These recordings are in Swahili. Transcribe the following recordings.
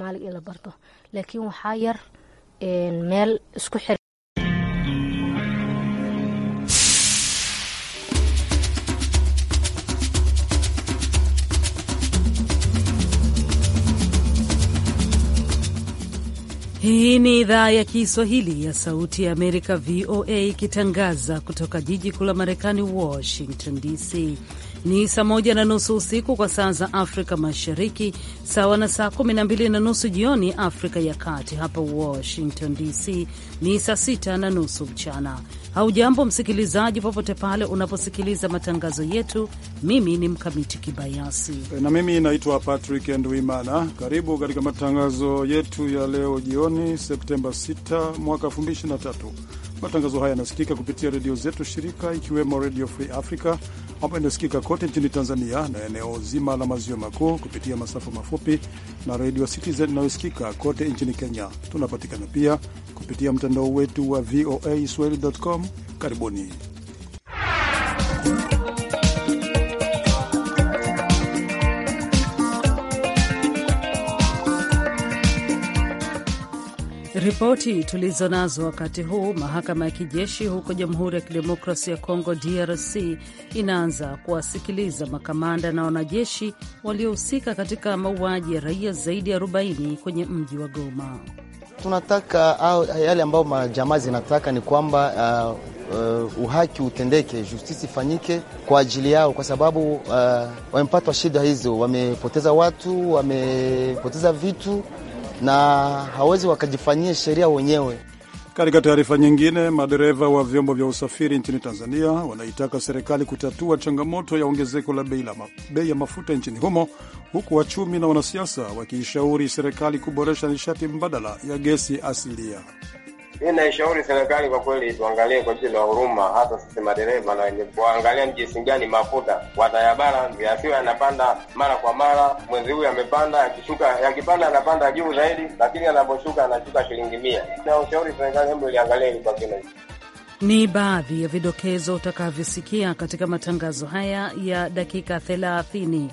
Soomaaliga ila barto laakiin waxaa yar meel isku xir Hii ni idhaa ya Kiswahili ya Sauti ya Amerika, VOA, ikitangaza kutoka jiji kuu la Marekani, Washington DC. Ni saa moja na nusu usiku kwa saa za Afrika Mashariki, sawa na saa kumi na mbili na nusu jioni Afrika ya Kati. Hapa Washington DC ni saa sita na nusu mchana. Haujambo msikilizaji, popote pale unaposikiliza matangazo yetu. Mimi ni Mkamiti Kibayasi na mimi naitwa Patrick Ndwimana. Karibu katika matangazo yetu ya leo jioni, Septemba 6 mwaka 2023. Matangazo haya yanasikika kupitia redio zetu shirika, ikiwemo Redio Free Africa ambayo inasikika kote nchini Tanzania na eneo zima la maziwa makuu kupitia masafa mafupi na redio Citizen inayosikika kote nchini Kenya. Tunapatikana pia kupitia mtandao wetu wa VOA swahili.com. Karibuni. Ripoti tulizo nazo wakati huu, mahakama ya kijeshi huko Jamhuri ya Kidemokrasi ya Kongo DRC inaanza kuwasikiliza makamanda na wanajeshi waliohusika katika mauaji ya raia zaidi ya 40 kwenye mji wa Goma. Tunataka yale ambayo majamaa zinataka ni kwamba uh, uh, uhaki utendeke, justisi ifanyike kwa ajili yao, kwa sababu uh, wamepatwa shida hizo, wamepoteza watu, wamepoteza vitu na hawezi wakajifanyia sheria wenyewe. Katika taarifa nyingine, madereva wa vyombo vya usafiri nchini Tanzania wanaitaka serikali kutatua changamoto ya ongezeko la bei ya mafuta nchini humo, huku wachumi na wanasiasa wakiishauri serikali kuboresha nishati mbadala ya gesi asilia. Mimi naishauri serikali kwa kweli tuangalie kwa jicho la huruma, hata sisi madereva na wenye kuangalia ni jinsi gani mafuta watayabara yasiwe yanapanda mara kwa mara. Mwezi huyu amepanda, akishuka yakipanda anapanda juu zaidi, lakini anaposhuka anashuka shilingi mia. Na ushauri serikali, hebu iliangalia hili kwa kina. Ni baadhi ya vidokezo utakavyosikia katika matangazo haya ya dakika 30.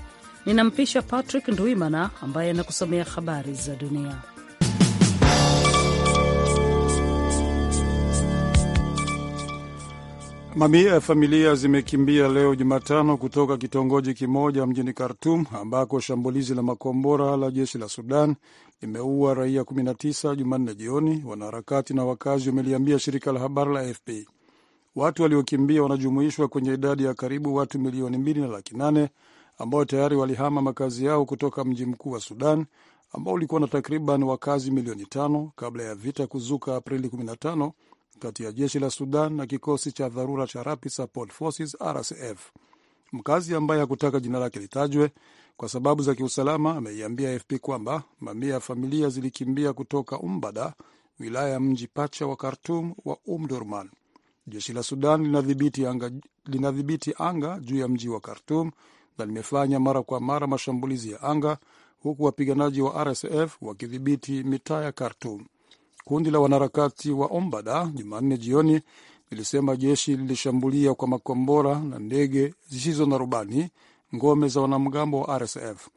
Ninampisha Patrick Ndwimana ambaye anakusomea habari za dunia. Mamia ya familia zimekimbia leo Jumatano kutoka kitongoji kimoja mjini Khartum ambako shambulizi la makombora la jeshi la Sudan limeua raia 19 Jumanne jioni, wanaharakati na wakazi wameliambia shirika la habari la AFP. Watu waliokimbia wanajumuishwa kwenye idadi ya karibu watu milioni mbili na laki nane ambao tayari walihama makazi yao kutoka mji mkuu wa Sudan ambao ulikuwa na takriban wakazi milioni tano kabla ya vita kuzuka Aprili 15 kati ya jeshi la Sudan na kikosi cha dharura cha Rapid Support Forces RSF. Mkazi ambaye hakutaka jina lake litajwe kwa sababu za kiusalama ameiambia AFP kwamba mamia ya familia zilikimbia kutoka Umbada, wilaya ya mji pacha wa Khartum wa Umdurman. Jeshi la Sudan linadhibiti anga, linadhibiti anga juu ya mji wa Khartum na limefanya mara kwa mara mashambulizi ya anga, huku wapiganaji wa RSF wakidhibiti mitaa ya Khartum. Kundi la wanaharakati wa Ombada Jumanne jioni lilisema jeshi lilishambulia kwa makombora na ndege zisizo na rubani ngome za wanamgambo wa RSF.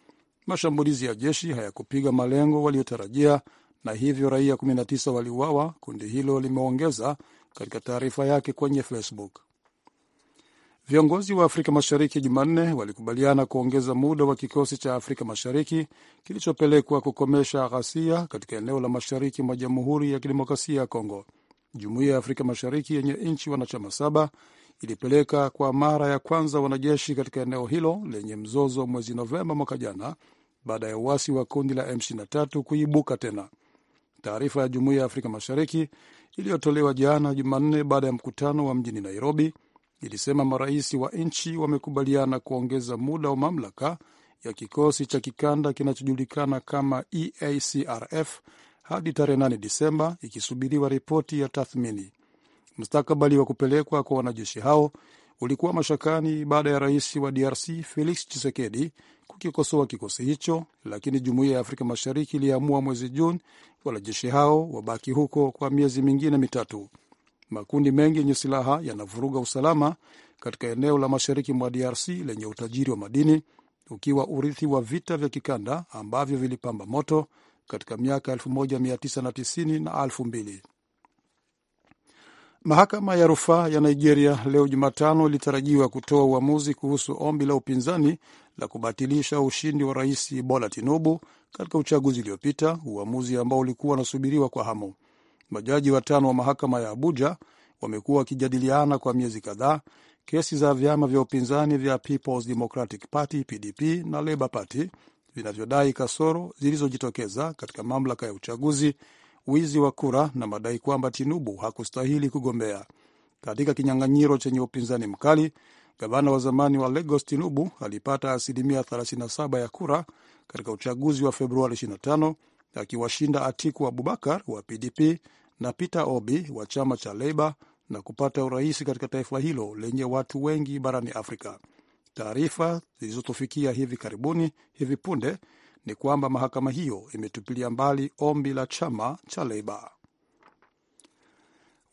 Mashambulizi ya jeshi hayakupiga malengo waliotarajia na hivyo raia 19 waliuawa, kundi hilo limeongeza katika taarifa yake kwenye Facebook. Viongozi wa Afrika Mashariki Jumanne walikubaliana kuongeza muda wa kikosi cha Afrika Mashariki kilichopelekwa kukomesha ghasia katika eneo la mashariki mwa Jamhuri ya Kidemokrasia ya Kongo. Jumuiya ya Afrika Mashariki yenye nchi wanachama saba ilipeleka kwa mara ya kwanza wanajeshi katika eneo hilo lenye mzozo mwezi Novemba mwaka jana baada ya uasi wa kundi la M23 kuibuka tena. Taarifa ya Jumuiya ya Afrika Mashariki iliyotolewa jana Jumanne baada ya mkutano wa mjini Nairobi ilisema marais wa nchi wamekubaliana kuongeza muda wa mamlaka ya kikosi cha kikanda kinachojulikana kama EACRF hadi tarehe 8 Disemba, ikisubiriwa ripoti ya tathmini. Mustakabali wa kupelekwa kwa wanajeshi hao ulikuwa mashakani baada ya rais wa DRC Felix Tshisekedi kukikosoa kikosi hicho, lakini jumuiya ya Afrika Mashariki iliamua mwezi Juni wanajeshi hao wabaki huko kwa miezi mingine mitatu. Makundi mengi yenye silaha yanavuruga usalama katika eneo la mashariki mwa DRC lenye utajiri wa madini, ukiwa urithi wa vita vya kikanda ambavyo vilipamba moto katika miaka 1990 na 2000. Mahakama ya rufaa ya Nigeria leo Jumatano ilitarajiwa kutoa uamuzi kuhusu ombi la upinzani la kubatilisha ushindi wa rais Bola Tinubu katika uchaguzi uliopita, uamuzi ambao ulikuwa unasubiriwa kwa hamu. Majaji watano wa mahakama ya Abuja wamekuwa wakijadiliana kwa miezi kadhaa kesi za vyama vya upinzani vya Peoples Democratic Party PDP na Labour Party vinavyodai kasoro zilizojitokeza katika mamlaka ya uchaguzi, wizi wa kura na madai kwamba Tinubu hakustahili kugombea katika kinyang'anyiro chenye upinzani mkali. Gavana wa zamani wa Lagos Tinubu alipata asilimia 37 ya kura katika uchaguzi wa Februari 25 akiwashinda Atiku Abubakar wa PDP na Peter Obi wa chama cha Leba na kupata urais katika taifa hilo lenye watu wengi barani Afrika. Taarifa zilizotufikia hivi karibuni hivi punde ni kwamba mahakama hiyo imetupilia mbali ombi la chama cha Leba.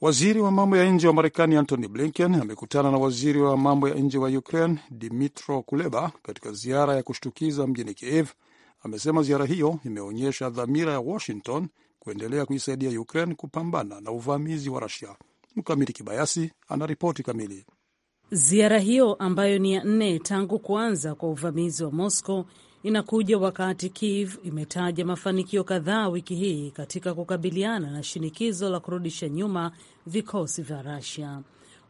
Waziri wa mambo ya nje wa Marekani Antony Blinken amekutana na waziri wa mambo ya nje wa Ukraine dmitro Kuleba katika ziara ya kushtukiza mjini Kiev amesema ziara hiyo imeonyesha dhamira ya Washington kuendelea kuisaidia Ukraine kupambana na uvamizi wa Rusia. Mkamiti Kibayasi anaripoti kamili. Ziara hiyo ambayo ni ya nne tangu kuanza kwa uvamizi wa Moscow inakuja wakati Kiev imetaja mafanikio kadhaa wiki hii katika kukabiliana na shinikizo la kurudisha nyuma vikosi vya Rusia.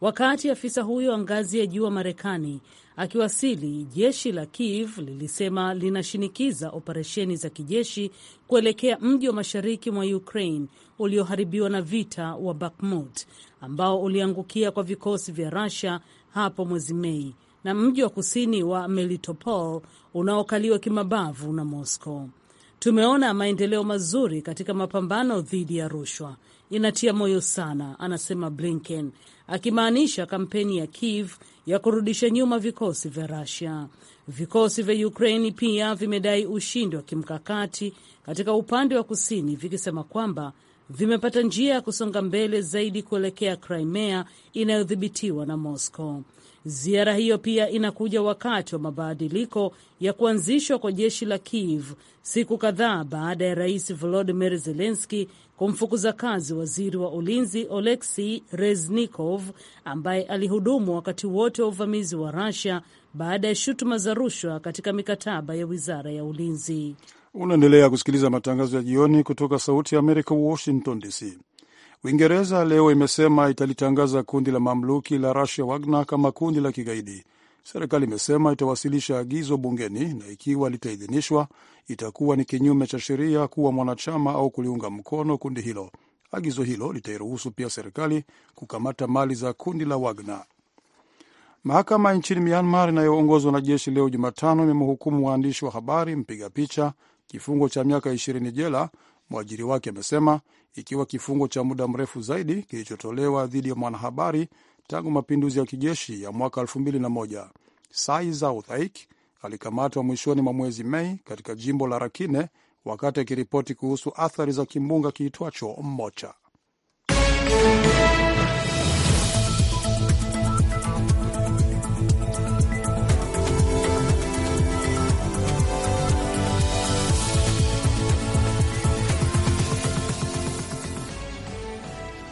Wakati afisa huyo wa ngazi ya juu wa Marekani akiwasili, jeshi la Kiev lilisema linashinikiza operesheni za kijeshi kuelekea mji wa mashariki mwa Ukraine ulioharibiwa na vita wa Bakhmut ambao uliangukia kwa vikosi vya Russia hapo mwezi Mei na mji wa kusini wa Melitopol unaokaliwa kimabavu na Moscow. Tumeona maendeleo mazuri katika mapambano dhidi ya rushwa, inatia moyo sana, anasema Blinken akimaanisha kampeni ya Kiev ya kurudisha nyuma vikosi vya Rusia. Vikosi vya Ukraini pia vimedai ushindi wa kimkakati katika upande wa kusini, vikisema kwamba vimepata njia ya kusonga mbele zaidi kuelekea Crimea inayodhibitiwa na Moscow. Ziara hiyo pia inakuja wakati wa mabadiliko ya kuanzishwa kwa jeshi la Kiev siku kadhaa baada ya Rais volodimir zelenski kumfukuza kazi waziri wa ulinzi Oleksi Reznikov ambaye alihudumu wakati wote wa uvamizi wa Russia baada ya shutuma za rushwa katika mikataba ya Wizara ya Ulinzi. Unaendelea kusikiliza matangazo ya jioni kutoka Sauti ya Amerika, Washington DC. Uingereza leo imesema italitangaza kundi la mamluki la Russia Wagner kama kundi la kigaidi. Serikali imesema itawasilisha agizo bungeni na ikiwa litaidhinishwa, itakuwa ni kinyume cha sheria kuwa mwanachama au kuliunga mkono kundi hilo. Agizo hilo litairuhusu pia serikali kukamata mali za kundi la Wagner. Mahakama nchini Myanmar inayoongozwa na jeshi leo Jumatano imemhukumu waandishi wa habari, mpiga picha kifungo cha miaka ishirini jela Mwajiri wake amesema ikiwa kifungo cha muda mrefu zaidi kilichotolewa dhidi ya mwanahabari tangu mapinduzi ya kijeshi ya mwaka 2001. Sai uthaik alikamatwa mwishoni mwa mwezi Mei katika jimbo la Rakine wakati akiripoti kuhusu athari za kimbunga kiitwacho Mocha.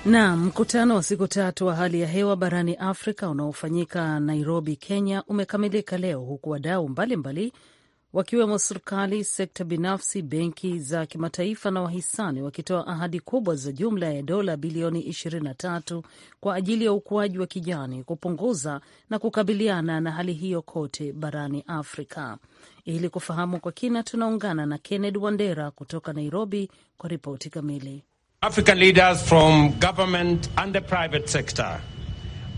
Na mkutano wa siku tatu wa hali ya hewa barani Afrika unaofanyika Nairobi, Kenya umekamilika leo huku wadau mbalimbali wakiwemo serikali, sekta binafsi, benki za kimataifa na wahisani wakitoa ahadi kubwa za jumla ya dola bilioni 23 kwa ajili ya ukuaji wa kijani, kupunguza na kukabiliana na hali hiyo kote barani Afrika. Ili kufahamu kwa kina, tunaungana na kenned Wandera kutoka Nairobi kwa ripoti kamili. African leaders from government and the private sector.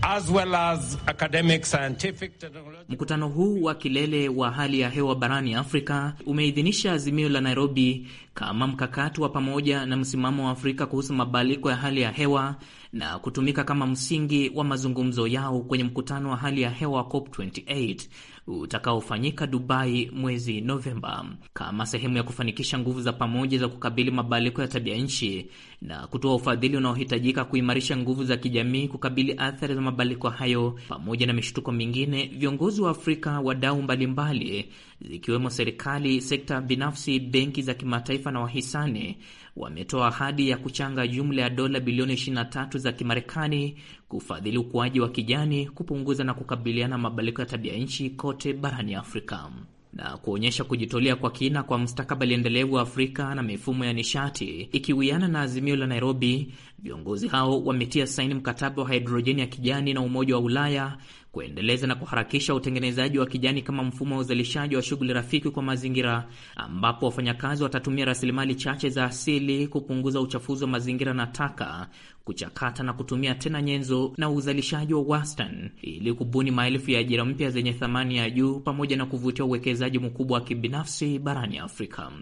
As well as academic, scientific, technology. Mkutano huu wa kilele wa hali ya hewa barani Afrika umeidhinisha azimio la Nairobi kama mkakati wa pamoja na msimamo wa Afrika kuhusu mabadiliko ya hali ya hewa na kutumika kama msingi wa mazungumzo yao kwenye mkutano wa hali ya hewa COP 28 utakaofanyika Dubai mwezi Novemba kama sehemu ya kufanikisha nguvu za pamoja za kukabili mabadiliko ya tabia nchi na kutoa ufadhili unaohitajika kuimarisha nguvu za kijamii kukabili athari za mabadiliko hayo pamoja na mishtuko mingine. Viongozi wa Afrika, wadau mbalimbali, zikiwemo serikali, sekta binafsi, benki za kimataifa na wahisani wametoa ahadi ya kuchanga jumla ya dola bilioni 23 za Kimarekani kufadhili ukuaji wa kijani, kupunguza na kukabiliana na mabadiliko ya tabia nchi kote barani Afrika na kuonyesha kujitolea kwa kina kwa mustakabali endelevu wa Afrika na mifumo ya nishati ikiwiana na azimio la Nairobi Viongozi hao wametia saini mkataba wa hidrojeni ya kijani na Umoja wa Ulaya kuendeleza na kuharakisha utengenezaji wa kijani kama mfumo wa uzalishaji wa shughuli rafiki kwa mazingira, ambapo wafanyakazi watatumia rasilimali chache za asili kupunguza uchafuzi wa mazingira na taka, kuchakata na kutumia tena nyenzo na uzalishaji wa wastani, ili kubuni maelfu ya ajira mpya zenye thamani ya juu pamoja na kuvutia uwekezaji mkubwa wa kibinafsi barani Afrika.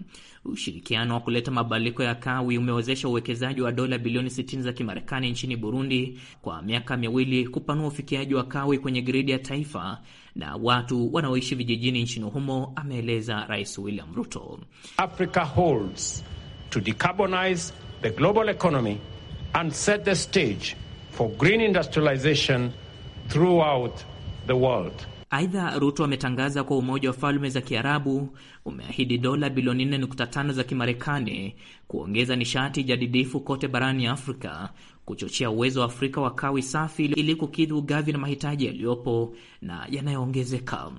Ushirikiano wa kuleta mabadiliko ya kawi umewezesha uwekezaji wa dola bilioni 60 za Kimarekani nchini Burundi kwa miaka miwili kupanua ufikiaji wa kawi kwenye gridi ya taifa na watu wanaoishi vijijini nchini humo, ameeleza Rais William Ruto. Africa holds to decarbonize the global economy and set the stage for green industrialization throughout the world. Aidha, Ruto ametangaza kwa Umoja wa Falme za Kiarabu umeahidi dola bilioni 4.5 za Kimarekani kuongeza nishati jadidifu kote barani Afrika, kuchochea uwezo wa Afrika wa kawi safi ili kukidhi ugavi na mahitaji yaliyopo na yanayoongezeka.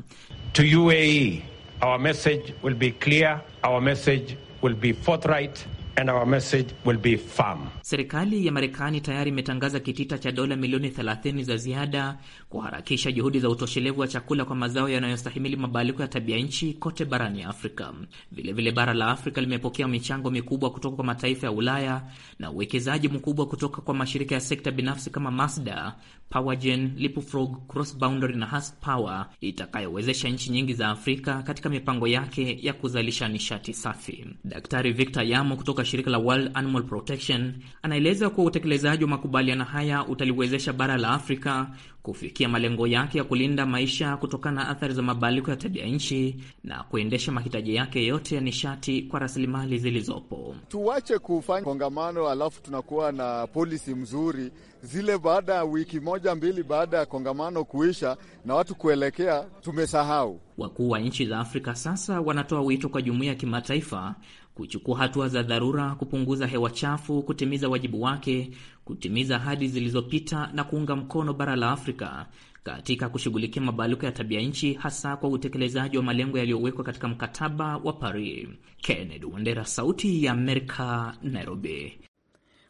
To UAE, our message will be clear, our message will be forthright. And our message will be firm. Serikali ya Marekani tayari imetangaza kitita cha dola milioni 30 za ziada kuharakisha juhudi za utoshelevu wa chakula kwa mazao yanayostahimili mabadiliko ya tabia nchi kote barani Afrika. Vilevile vile bara la Afrika limepokea michango mikubwa kutoka kwa mataifa ya Ulaya na uwekezaji mkubwa kutoka kwa mashirika ya sekta binafsi kama Masda, Powergen, lipfrog crossboundary na has Power itakayowezesha nchi nyingi za Afrika katika mipango yake ya kuzalisha nishati safi. Daktari Victor Yamo kutoka shirika la World Animal Protection anaeleza kuwa utekelezaji wa makubaliano haya utaliwezesha bara la Afrika kufikia malengo yake ya kulinda maisha kutokana na athari za mabadiliko ya tabia nchi na kuendesha mahitaji yake yote ya nishati kwa rasilimali zilizopo. Tuwache kufanya kongamano alafu tunakuwa na polisi mzuri zile, baada ya wiki moja mbili baada ya kongamano kuisha na watu kuelekea, tumesahau. Wakuu wa nchi za Afrika sasa wanatoa wito kwa jumuiya ya kimataifa kuchukua hatua za dharura kupunguza hewa chafu, kutimiza wajibu wake, kutimiza ahadi zilizopita na kuunga mkono bara la Afrika katika kushughulikia mabadiliko ya tabia nchi, hasa kwa utekelezaji wa malengo yaliyowekwa katika mkataba wa Paris. Kennedy Wandera, Sauti ya Amerika, Nairobi.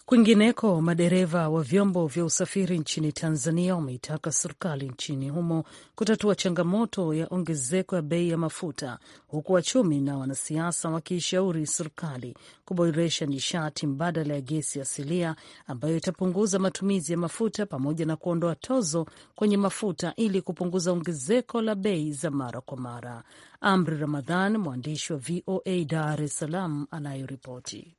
Kwingineko, madereva wa vyombo vya usafiri nchini Tanzania wameitaka serikali nchini humo kutatua changamoto ya ongezeko ya bei ya mafuta, huku wachumi na wanasiasa wakiishauri serikali kuboresha nishati mbadala ya gesi asilia ambayo itapunguza matumizi ya mafuta pamoja na kuondoa tozo kwenye mafuta ili kupunguza ongezeko la bei za mara kwa mara. Amri Ramadhan, mwandishi wa VOA Dar es Salaam, anayoripoti.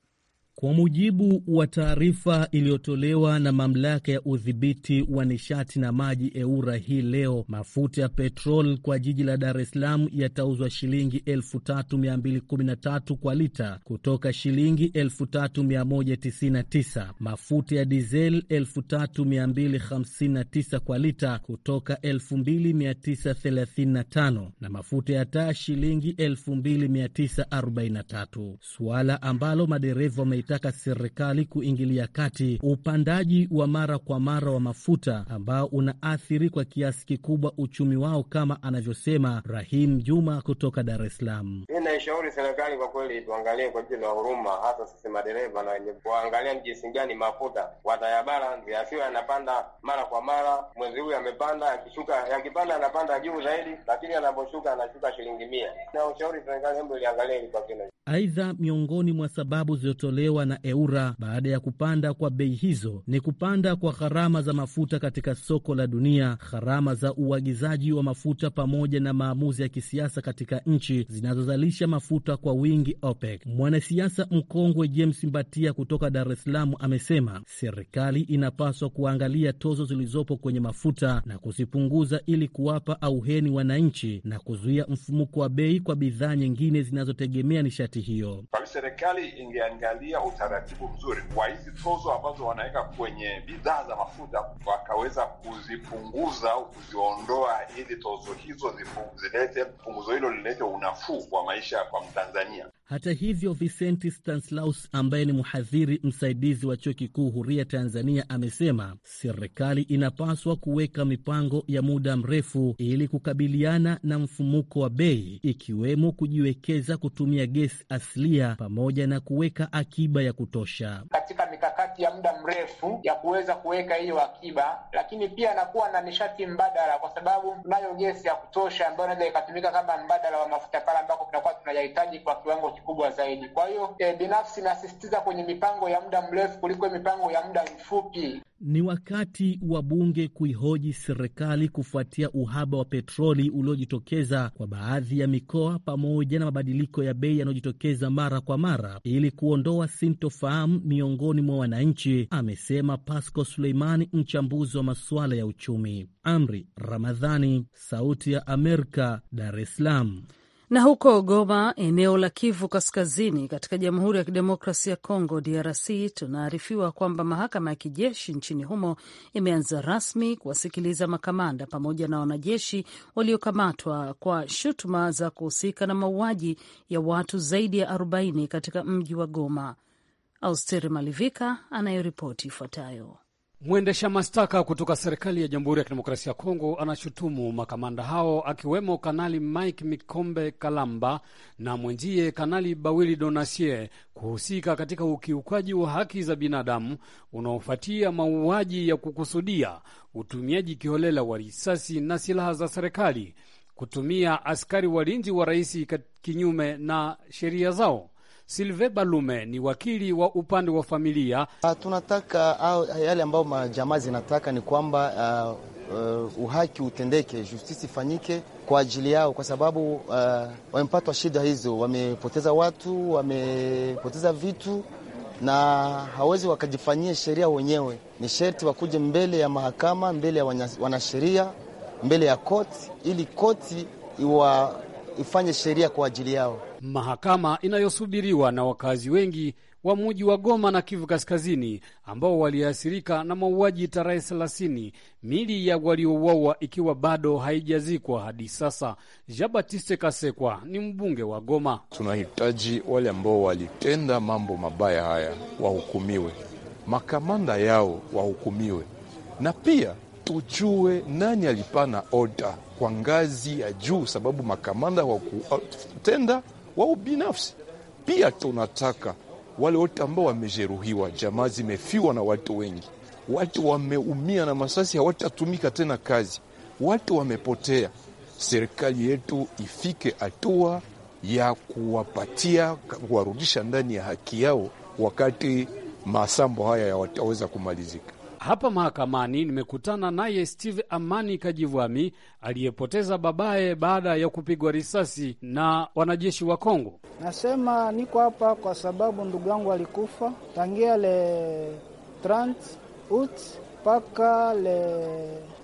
Kwa mujibu wa taarifa iliyotolewa na mamlaka ya udhibiti wa nishati na maji EURA hii leo, mafuta ya petrol kwa jiji la Dar es Salaam yatauzwa shilingi 3213 kwa lita kutoka shilingi 3199, mafuta ya dizel 3259 kwa lita kutoka 2935, na mafuta ya taa shilingi 2943, suala ambalo madereva kuitaka serikali kuingilia kati upandaji wa mara kwa mara wa mafuta ambao unaathiri kwa kiasi kikubwa uchumi wao, kama anavyosema Rahim Juma kutoka Dar es Salaam. Mi naishauri serikali kwa kweli tuangalie kwa jicho la huruma, hasa sisi madereva na wenye kuangalia ni jinsi gani mafuta watayabara asiwe yanapanda mara kwa mara. Mwezi huyu amepanda, yakishuka yakipanda anapanda juu zaidi, lakini anaposhuka anashuka shilingi mia. Na serikali hebu iliangalia ili kwa kina. Aidha, miongoni mwa sababu zilizotolewa dola na eura baada ya kupanda kwa bei hizo ni kupanda kwa gharama za mafuta katika soko la dunia, gharama za uagizaji wa mafuta pamoja na maamuzi ya kisiasa katika nchi zinazozalisha mafuta kwa wingi OPEC. Mwanasiasa mkongwe James Mbatia kutoka Dar es Salaam amesema serikali inapaswa kuangalia tozo zilizopo kwenye mafuta na kuzipunguza ili kuwapa auheni wananchi na kuzuia mfumuko wa bei kwa bidhaa nyingine zinazotegemea nishati hiyo. Serikali ingeangalia utaratibu mzuri kwa hizi tozo ambazo wanaweka kwenye bidhaa za mafuta, wakaweza kuzipunguza au kuziondoa ili tozo hizo zilete punguzo hilo lilete unafuu kwa maisha kwa Mtanzania. Hata hivyo, Vicenti Stanslaus ambaye ni mhadhiri msaidizi wa Chuo Kikuu Huria Tanzania amesema serikali inapaswa kuweka mipango ya muda mrefu ili kukabiliana na mfumuko wa bei, ikiwemo kujiwekeza kutumia gesi asilia pamoja na kuweka akiba ya kutosha katika mikakati ya muda mrefu ya kuweza kuweka hiyo akiba, lakini pia anakuwa na nishati mbadala, kwa sababu tunayo gesi ya kutosha ambayo inaweza ikatumika kama mbadala wa mafuta pale ambako tunakuwa tunayahitaji kwa kiwango kikubwa zaidi. Kwa hiyo e, binafsi nasisitiza kwenye mipango ya muda mrefu kuliko mipango ya muda mfupi. Ni wakati wa bunge kuihoji serikali kufuatia uhaba wa petroli uliojitokeza kwa baadhi ya mikoa pamoja na mabadiliko ya bei yanayojitokeza mara kwa mara ili kuondoa sintofahamu miongoni mwa wananchi, amesema Pasco Suleimani, mchambuzi wa masuala ya uchumi. Amri Ramadhani, Sauti ya Amerika, Dar es Salaam. Na huko Goma, eneo la Kivu Kaskazini, katika Jamhuri ya Kidemokrasia ya Kongo, DRC, tunaarifiwa kwamba mahakama ya kijeshi nchini humo imeanza rasmi kuwasikiliza makamanda pamoja na wanajeshi waliokamatwa kwa shutuma za kuhusika na mauaji ya watu zaidi ya 40 katika mji wa Goma. Austeri Malivika anayoripoti ifuatayo. Mwendesha mashtaka kutoka serikali ya Jamhuri ya Kidemokrasia ya Kongo anashutumu makamanda hao akiwemo Kanali Mike Mikombe Kalamba na mwenzie Kanali Bawili Donasie kuhusika katika ukiukaji wa haki za binadamu unaofuatia mauaji ya kukusudia, utumiaji kiholela wa risasi na silaha za serikali, kutumia askari walinzi wa rais kinyume na sheria zao Silve Balume ni wakili wa upande wa familia. Uh, tunataka uh, yale ambayo majamaa zinataka ni kwamba uh, uh, uhaki utendeke, justisi ifanyike kwa ajili yao, kwa sababu uh, wamepatwa shida hizo, wamepoteza watu, wamepoteza vitu na hawezi wakajifanyia sheria wenyewe. Ni sherti wakuje mbele ya mahakama, mbele ya wanasheria, mbele ya koti, ili koti iwa, ifanye sheria kwa ajili yao mahakama inayosubiriwa na wakazi wengi wa muji wa Goma na Kivu Kaskazini ambao waliathirika na mauaji tarehe 30, mili ya waliouawa ikiwa bado haijazikwa hadi sasa. Jabatiste Kasekwa ni mbunge wa Goma. Tunahitaji wale ambao walitenda mambo mabaya haya wahukumiwe, makamanda yao wahukumiwe, na pia tujue nani alipana oda kwa ngazi ya juu, sababu makamanda wa kutenda wao binafsi. Pia tunataka wale wote ambao wamejeruhiwa, jamaa zimefiwa na watu wengi, watu wameumia na masasi, hawatatumika tena kazi, watu wamepotea. Serikali yetu ifike hatua ya kuwapatia kuwarudisha ndani ya haki yao, wakati masambo haya yawataweza kumalizika. Hapa mahakamani nimekutana naye Steve Amani Kajivwami aliyepoteza babaye baada ya kupigwa risasi na wanajeshi wa Kongo. Nasema niko hapa kwa sababu ndugu yangu alikufa tangia le 30 ut mpaka le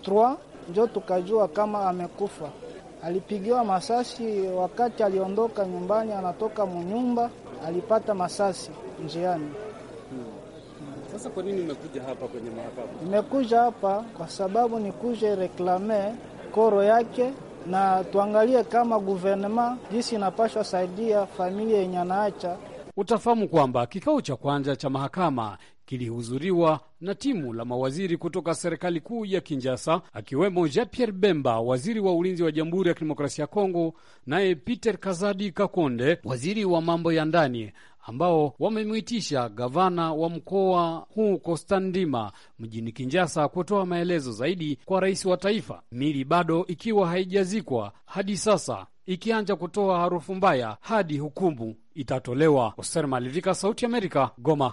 3 njo tukajua kama amekufa. Alipigiwa masasi wakati aliondoka nyumbani, anatoka munyumba alipata masasi njiani. Sasa kwa nini umekuja hapa kwenye mahakama? Nimekuja hapa kwa sababu nikuje reklame koro yake na tuangalie kama guvernema jinsi inapashwa saidia familia yenye anaacha. Utafahamu kwamba kikao cha kwanza cha mahakama kilihudhuriwa na timu la mawaziri kutoka serikali kuu ya kinjasa akiwemo Jean Pierre Bemba, waziri wa ulinzi wa Jamhuri ya Kidemokrasia ya Kongo, naye Peter Kazadi Kakonde, waziri wa mambo ya ndani ambao wamemwitisha gavana wa mkoa huu Kostandima mjini Kinjasa kutoa maelezo zaidi kwa rais wa taifa, mili bado ikiwa haijazikwa hadi sasa, ikianja kutoa harufu mbaya hadi hukumu itatolewa. Oser Malivika, Sauti Amerika, Goma.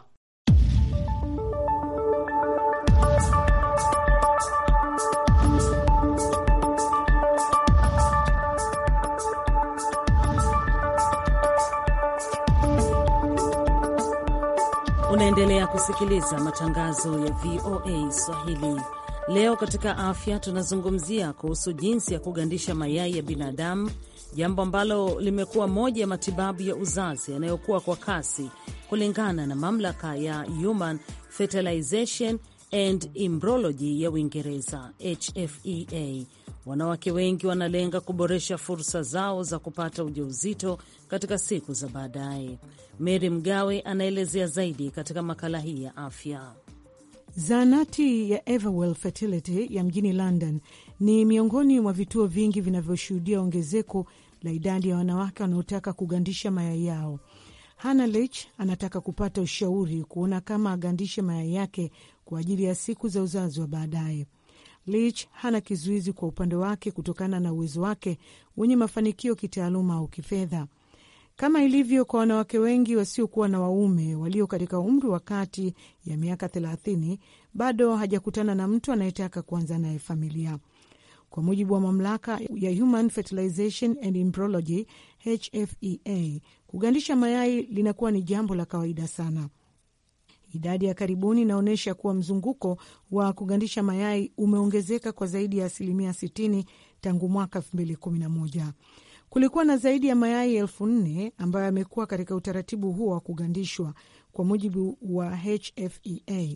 Unaendelea kusikiliza matangazo ya VOA Swahili. Leo katika afya tunazungumzia kuhusu jinsi ya kugandisha mayai ya binadamu, jambo ambalo limekuwa moja ya matibabu ya uzazi yanayokuwa kwa kasi, kulingana na mamlaka ya Human Fertilization and Embryology ya Uingereza, HFEA. Wanawake wengi wanalenga kuboresha fursa zao za kupata ujauzito katika siku za baadaye. Mary Mgawe anaelezea zaidi katika makala hii ya afya. Zahanati ya Everwell Fertility ya mjini London ni miongoni mwa vituo vingi vinavyoshuhudia ongezeko la idadi ya wanawake wanaotaka kugandisha mayai yao. Hana Lech anataka kupata ushauri kuona kama agandishe mayai yake kwa ajili ya siku za uzazi wa baadaye. Leach hana kizuizi kwa upande wake kutokana na uwezo wake wenye mafanikio kitaaluma au kifedha. Kama ilivyo kwa wanawake wengi wasiokuwa na waume walio katika umri wa kati ya miaka thelathini, bado hajakutana na mtu anayetaka kuanza naye familia. Kwa mujibu wa mamlaka ya Human Fertilization and Embryology HFEA, kugandisha mayai linakuwa ni jambo la kawaida sana. Idadi ya karibuni inaonyesha kuwa mzunguko wa kugandisha mayai umeongezeka kwa zaidi ya asilimia 60 tangu mwaka 2011. Kulikuwa na zaidi ya mayai elfu nne ambayo yamekuwa katika utaratibu huo wa kugandishwa kwa mujibu wa HFEA.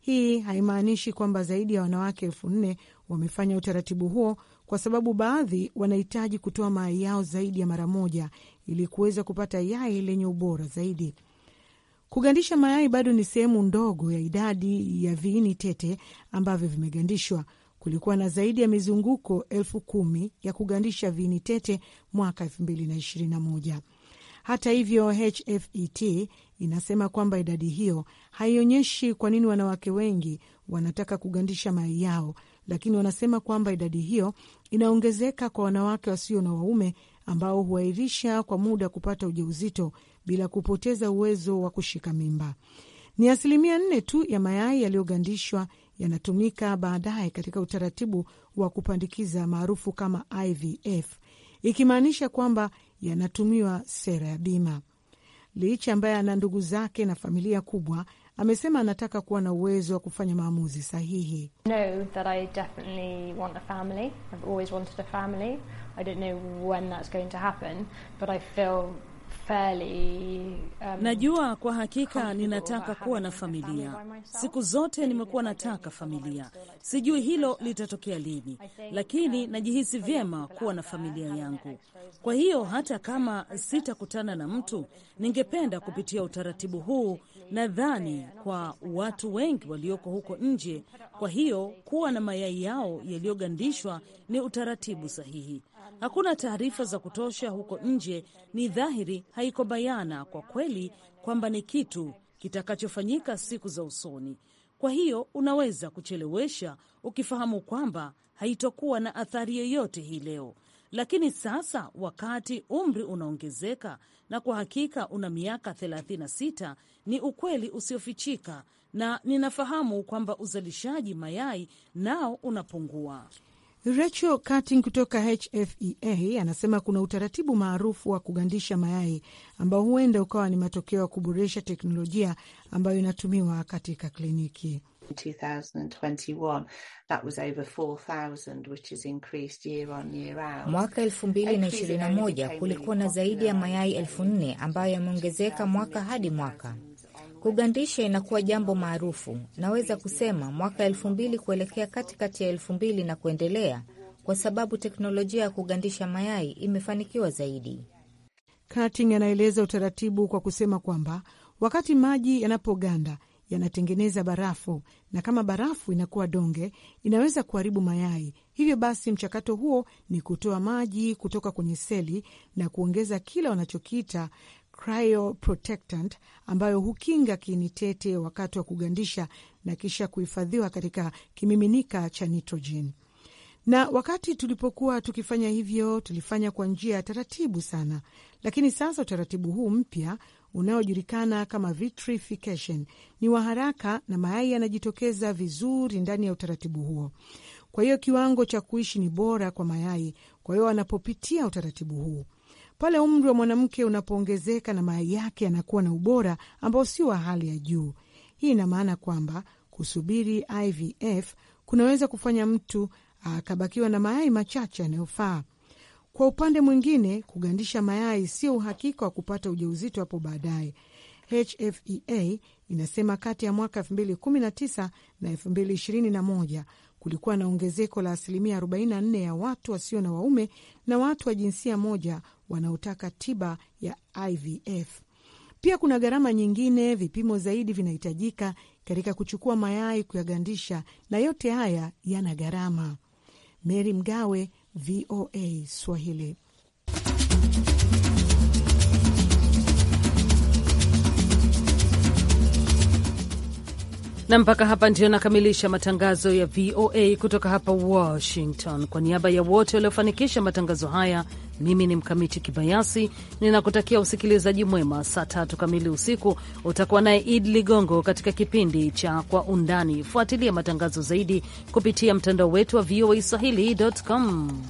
Hii haimaanishi kwamba zaidi ya wanawake elfu nne wamefanya utaratibu huo, kwa sababu baadhi wanahitaji kutoa mayai yao zaidi ya mara moja ili kuweza kupata yai lenye ubora zaidi. Kugandisha mayai bado ni sehemu ndogo ya idadi ya viini tete ambavyo vimegandishwa. Kulikuwa na zaidi ya mizunguko elfu kumi ya kugandisha viini tete mwaka 2021. Hata hivyo, HFET inasema kwamba idadi hiyo haionyeshi kwa nini wanawake wengi wanataka kugandisha mayai yao, lakini wanasema kwamba idadi hiyo inaongezeka kwa wanawake wasio na waume ambao huairisha kwa muda kupata ujauzito bila kupoteza uwezo wa kushika mimba. Ni asilimia nne tu ya mayai yaliyogandishwa yanatumika baadaye katika utaratibu wa kupandikiza maarufu kama IVF, ikimaanisha kwamba yanatumiwa sera ya bima. licha ambaye ana ndugu zake na familia kubwa amesema anataka kuwa na uwezo wa kufanya maamuzi sahihi. Um, Najua kwa hakika ninataka kuwa na familia. Siku zote nimekuwa nataka familia, sijui hilo litatokea um, lini, lakini um, najihisi vyema kuwa na familia yangu. Kwa hiyo hata kama sitakutana na mtu, ningependa kupitia utaratibu huu, nadhani kwa watu wengi walioko huko nje. Kwa hiyo kuwa na mayai yao yaliyogandishwa ni utaratibu sahihi. Hakuna taarifa za kutosha huko nje, ni dhahiri, haiko bayana kwa kweli kwamba ni kitu kitakachofanyika siku za usoni. Kwa hiyo unaweza kuchelewesha ukifahamu kwamba haitokuwa na athari yoyote hii leo, lakini sasa wakati umri unaongezeka na kwa hakika una miaka 36, ni ukweli usiofichika, na ninafahamu kwamba uzalishaji mayai nao unapungua. Rachel Cutting kutoka HFEA anasema kuna utaratibu maarufu wa kugandisha mayai ambao huenda ukawa ni matokeo ya kuboresha teknolojia ambayo inatumiwa katika kliniki. 2021, that was over 4,000, which is increased year on year out. Mwaka kulikuwa na zaidi ya mayai elfu nne ambayo yameongezeka mwaka hadi mwaka. Kugandisha inakuwa jambo maarufu. Naweza kusema mwaka elfu mbili kuelekea katikati ya elfu mbili na kuendelea, kwa sababu teknolojia ya kugandisha mayai imefanikiwa zaidi. Karting anaeleza utaratibu kwa kusema kwamba wakati maji yanapoganda yanatengeneza barafu, na kama barafu inakuwa donge, inaweza kuharibu mayai. Hivyo basi mchakato huo ni kutoa maji kutoka kwenye seli na kuongeza kile wanachokiita cryoprotectant ambayo hukinga kiini tete wakati wa kugandisha na kisha kuhifadhiwa katika kimiminika cha nitrogen. Na wakati tulipokuwa tukifanya hivyo, tulifanya kwa njia ya taratibu sana, lakini sasa utaratibu huu mpya unaojulikana kama vitrification ni wa haraka na mayai yanajitokeza vizuri ndani ya utaratibu huo. Kwa hiyo kiwango cha kuishi ni bora kwa mayai, kwa hiyo wanapopitia utaratibu huu pale umri wa mwanamke unapoongezeka na mayai yake yanakuwa na ubora ambao sio wa hali ya juu. Hii ina maana kwamba kusubiri IVF kunaweza kufanya mtu akabakiwa na mayai machache yanayofaa. Kwa upande mwingine, kugandisha mayai sio uhakika wa kupata ujauzito hapo baadaye. HFEA inasema kati ya mwaka 2019 na 2021 kulikuwa na ongezeko la asilimia 44 ya watu wasio na waume na watu wa jinsia moja wanaotaka tiba ya IVF. Pia kuna gharama nyingine, vipimo zaidi vinahitajika katika kuchukua mayai, kuyagandisha, na yote haya yana gharama. mery Mgawe, VOA Swahili. na mpaka hapa ndio nakamilisha matangazo ya VOA kutoka hapa Washington. Kwa niaba ya wote waliofanikisha matangazo haya, mimi ni Mkamiti Kibayasi, ninakutakia usikilizaji mwema. Saa tatu kamili usiku utakuwa naye Id Ligongo katika kipindi cha Kwa Undani. Fuatilia matangazo zaidi kupitia mtandao wetu wa VOA swahili.com.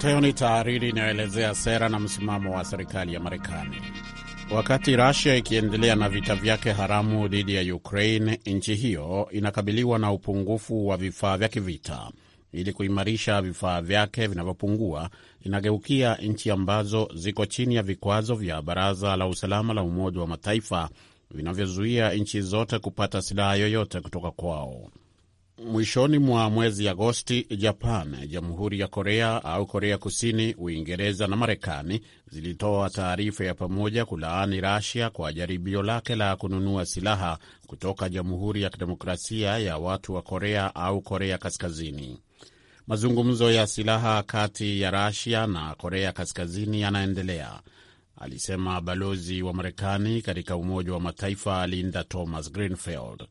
Ifuatayo ni tahariri inayoelezea sera na msimamo wa serikali ya Marekani. Wakati rasia ikiendelea na vita vyake haramu dhidi ya Ukraine, nchi hiyo inakabiliwa na upungufu wa vifaa vya kivita. Ili kuimarisha vifaa vyake vinavyopungua, inageukia nchi ambazo ziko chini ya vikwazo vya Baraza la Usalama la Umoja wa Mataifa vinavyozuia nchi zote kupata silaha yoyote kutoka kwao. Mwishoni mwa mwezi Agosti, Japan, Jamhuri ya Korea au Korea Kusini, Uingereza na Marekani zilitoa taarifa ya pamoja kulaani Rasia kwa jaribio lake la kununua silaha kutoka Jamhuri ya Kidemokrasia ya Watu wa Korea au Korea Kaskazini. Mazungumzo ya silaha kati ya Rasia na Korea Kaskazini yanaendelea, alisema balozi wa Marekani katika Umoja wa Mataifa Linda Thomas Greenfield.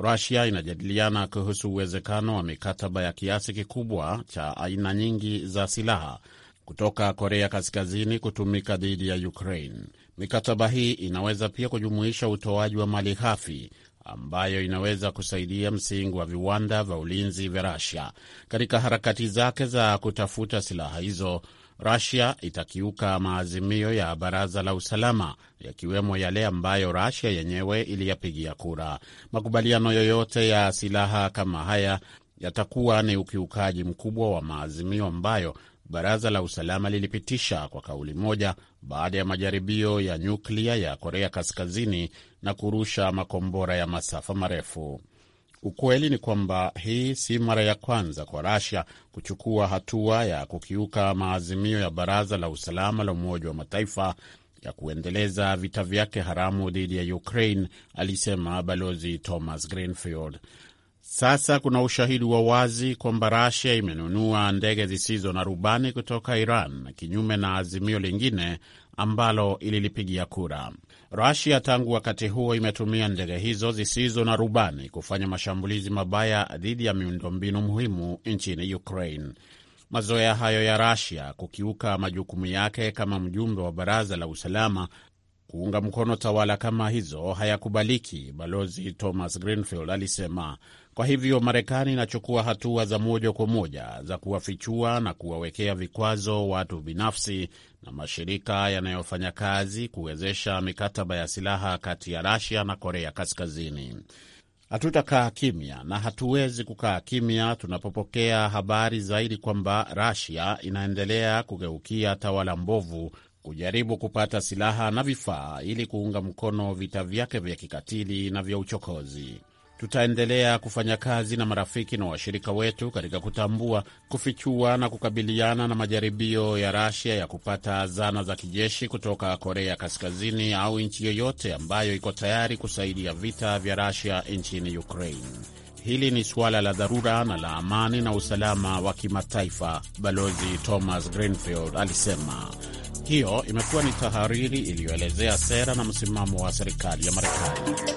Rusia inajadiliana kuhusu uwezekano wa mikataba ya kiasi kikubwa cha aina nyingi za silaha kutoka Korea Kaskazini kutumika dhidi ya Ukraine. Mikataba hii inaweza pia kujumuisha utoaji wa mali ghafi ambayo inaweza kusaidia msingi wa viwanda vya ulinzi vya Rusia katika harakati zake za kutafuta silaha hizo Rusia itakiuka maazimio ya baraza la usalama yakiwemo yale ambayo Rusia yenyewe iliyapigia kura. Makubaliano yoyote ya silaha kama haya yatakuwa ni ukiukaji mkubwa wa maazimio ambayo baraza la usalama lilipitisha kwa kauli moja baada ya majaribio ya nyuklia ya Korea Kaskazini na kurusha makombora ya masafa marefu. Ukweli ni kwamba hii si mara ya kwanza kwa Russia kuchukua hatua ya kukiuka maazimio ya Baraza la Usalama la Umoja wa Mataifa ya kuendeleza vita vyake haramu dhidi ya Ukraine, alisema Balozi Thomas Greenfield. Sasa kuna ushahidi wa wazi kwamba Rasia imenunua ndege zisizo na rubani kutoka Iran, kinyume na azimio lingine ambalo ililipigia kura. Rasia tangu wakati huo imetumia ndege hizo zisizo na rubani kufanya mashambulizi mabaya dhidi ya miundombinu muhimu nchini Ukraine. Mazoea hayo ya Rasia kukiuka majukumu yake kama mjumbe wa Baraza la Usalama kuunga mkono tawala kama hizo hayakubaliki, Balozi Thomas Greenfield alisema. Kwa hivyo Marekani inachukua hatua za moja kwa moja za kuwafichua na kuwawekea vikwazo watu binafsi na mashirika yanayofanya kazi kuwezesha mikataba ya silaha kati ya Rasia na Korea Kaskazini. Hatutakaa kimya na hatuwezi kukaa kimya tunapopokea habari zaidi kwamba Rasia inaendelea kugeukia tawala mbovu kujaribu kupata silaha na vifaa ili kuunga mkono vita vyake vya kikatili na vya uchokozi. Tutaendelea kufanya kazi na marafiki na washirika wetu katika kutambua, kufichua na kukabiliana na majaribio ya Rasia ya kupata zana za kijeshi kutoka Korea Kaskazini au nchi yoyote ambayo iko tayari kusaidia vita vya Rasia nchini Ukraine. Hili ni suala la dharura na la amani na usalama wa kimataifa, Balozi Thomas Greenfield alisema. Hiyo imekuwa ni tahariri iliyoelezea sera na msimamo wa serikali ya Marekani.